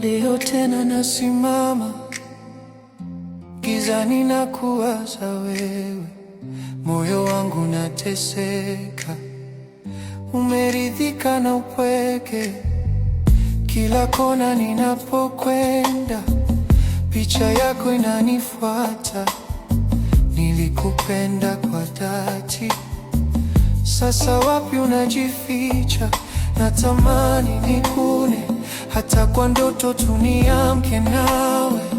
Leo tena nasimama gizani na kuwaza wewe, moyo wangu nateseka, umeridhika na upweke. Kila kona ninapokwenda, picha yako inanifuata. Nilikupenda kwa dhati, sasa wapi unajificha? Natamani nikune, hata kwa ndoto tuniamke nawe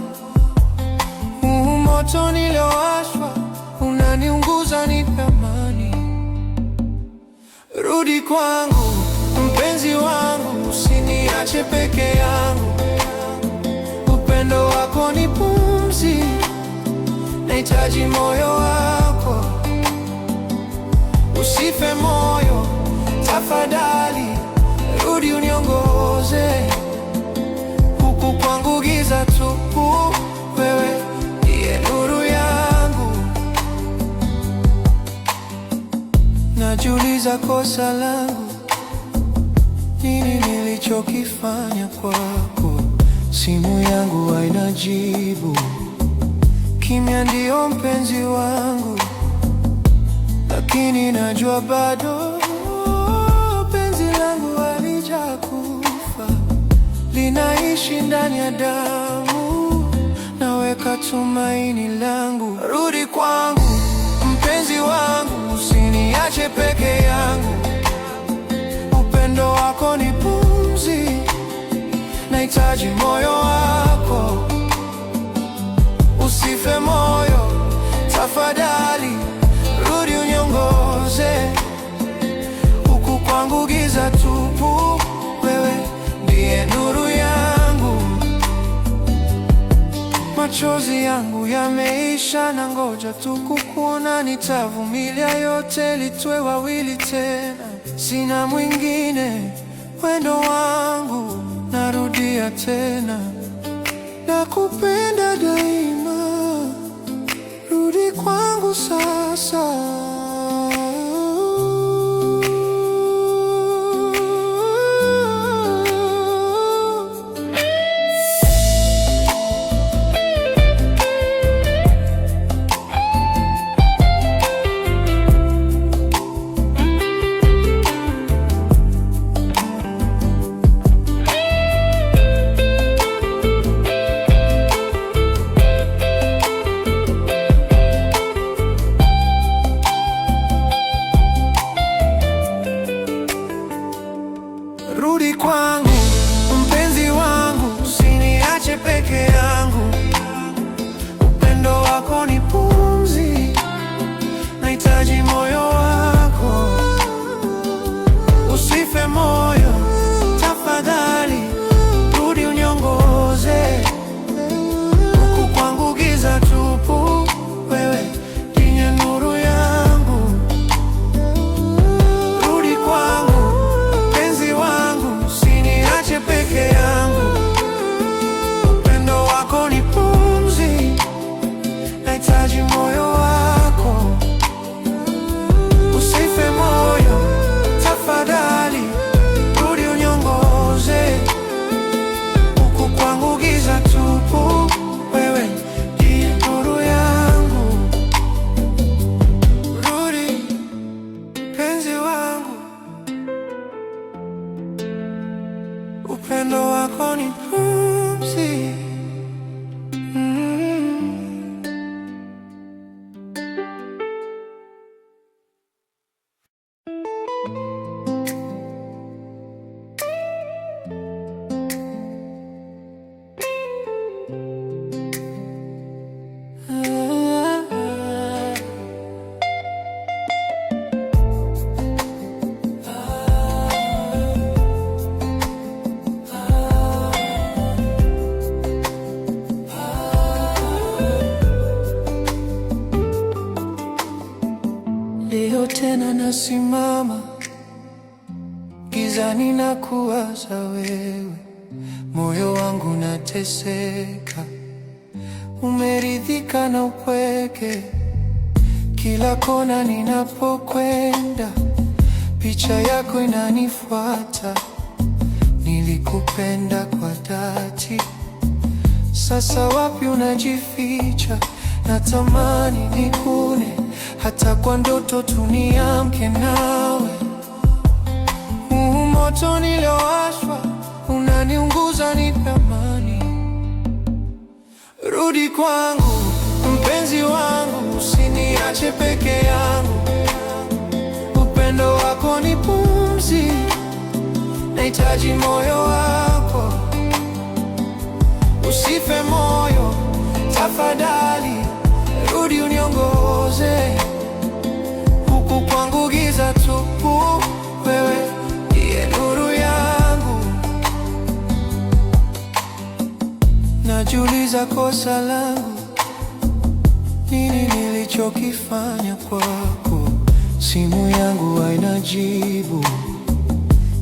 moto niliowashwa unaniunguza, ni rudi kwangu, mpenzi wangu, usiniache peke yangu. Upendo wako ni pumzi, nahitaji moyo wako. Usife moyo tafadhali. Najiuliza kosa langu nini, nilichokifanya kwako. Simu yangu haina jibu, kimya ndiyo mpenzi wangu, lakini najua bado penzi langu halijakufa, linaishi ndani ya damu, naweka tumaini langu. Rudi kwangu mpenzi wangu usiniache peke yangu, upendo wako ni pumzi, nahitaji moyo wako, usife moyo tafadhali, rudi uniongoze, huku kwangu giza tupu. machozi yangu yameisha, na ngoja tu kukuona. Nitavumilia yote litwe wawili tena, sina mwingine. Wendo wangu narudia tena, nakupenda daima, rudi kwangu sasa. wewe, moyo wangu nateseka, umeridhika na upweke. Kila kona ninapokwenda, picha yako inanifuata. Nilikupenda kwa dhati, sasa wapi unajificha? Natamani nikune, hata kwa ndoto tuniamke nawe, moto nilio unaniunguza nipe amani. Rudi kwangu mpenzi wangu, usiniache peke yangu. Upendo wako ni pumzi, nahitaji moyo wako. Usife moyo tafadhali. Najiuliza kosa langu nini, nilichokifanya kwako. Simu yangu haina jibu,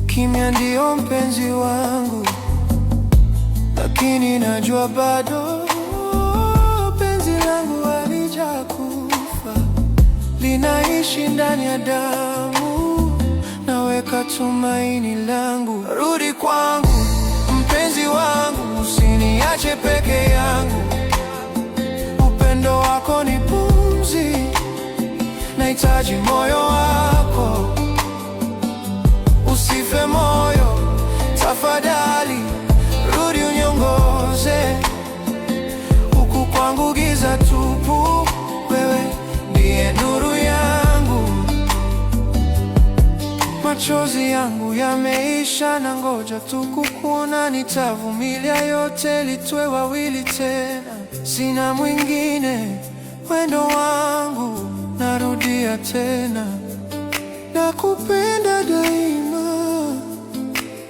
kimya ndio mpenzi wangu, lakini najua bado penzi langu halijakufa, linaishi ndani ya damu, naweka tumaini langu, rudi kwangu mpenzi wangu, usiniache peke yangu, upendo wako ni pumzi, nahitaji moyo wako, usife moyo tafadhali, rudi uniongoze, huku kwangu giza tu machozi yangu yameisha, na ngoja tu kukuona. Nitavumilia yote litwe wawili tena, sina mwingine. Wendo wangu narudia tena, nakupenda daima,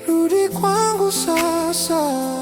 rudi kwangu sasa.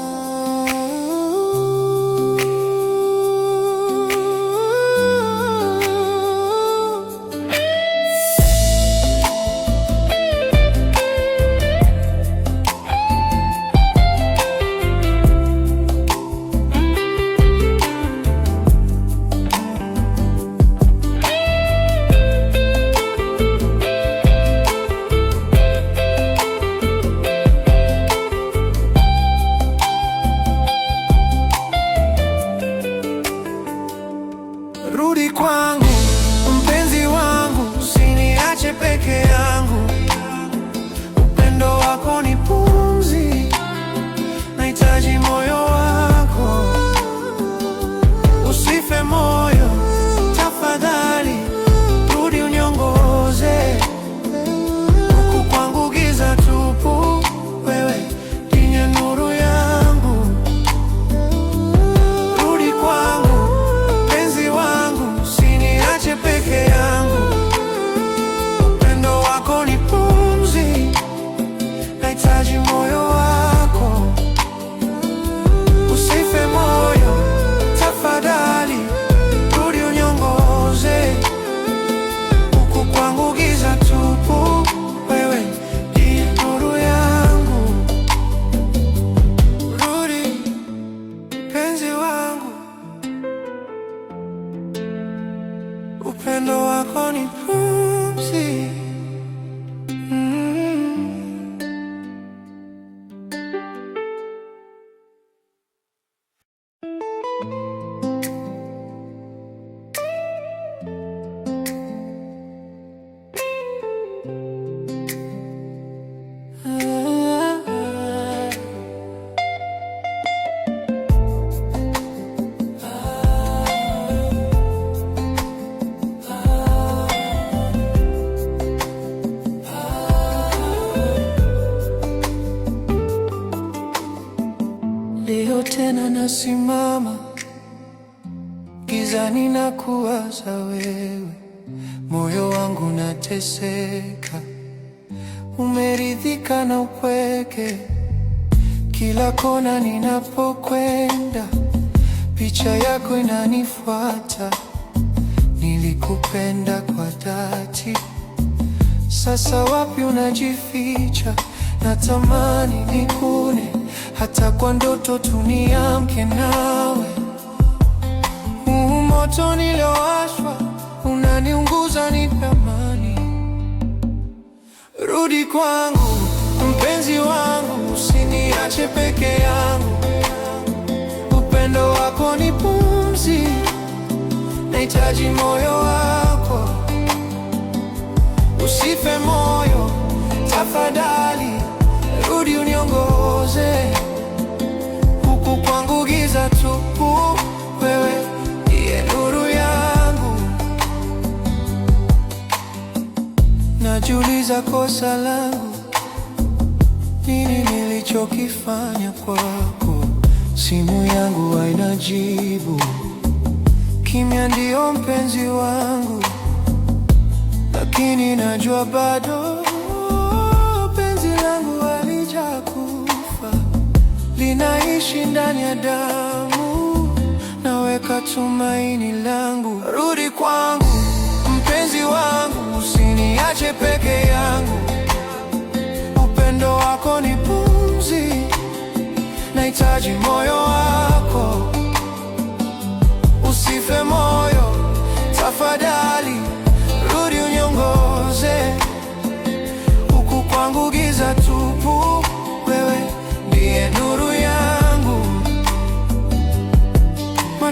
simama gizani na kuwaza wewe, moyo wangu nateseka, umeridhika na upweke. Kila kona ninapokwenda, picha yako inanifuata. Nilikupenda kwa dhati, sasa wapi unajificha? Natamani nikune hata kwa ndoto tuniamke nawe. Huu moto niliowashwa unaniunguza, ni tamani rudi kwangu, mpenzi wangu, usiniache peke yangu. Upendo wako ni pumzi, nahitaji moyo wako. Usife moyo tafadhali, rudi uniongoze huku kwangu giza tupu, wewe ndiye nuru yangu. Najiuliza kosa langu nini, nilichokifanya kwako? Simu yangu haina jibu, kimya ndiyo mpenzi wangu, lakini najua bado linaishi ndani ya damu, naweka tumaini langu. Rudi kwangu mpenzi wangu, usiniache peke yangu, upendo wako ni pumzi, nahitaji moyo wako, usife moyo tafadhali, rudi uniongoze, huku kwangu giza tupu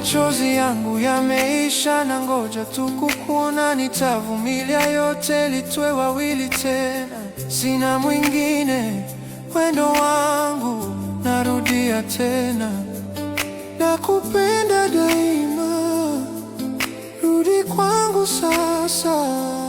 machozi yangu yameisha, na ngoja tu kukuona. Nitavumilia yote litwe wawili tena, sina mwingine wendo wangu, narudia tena, nakupenda daima, rudi kwangu sasa.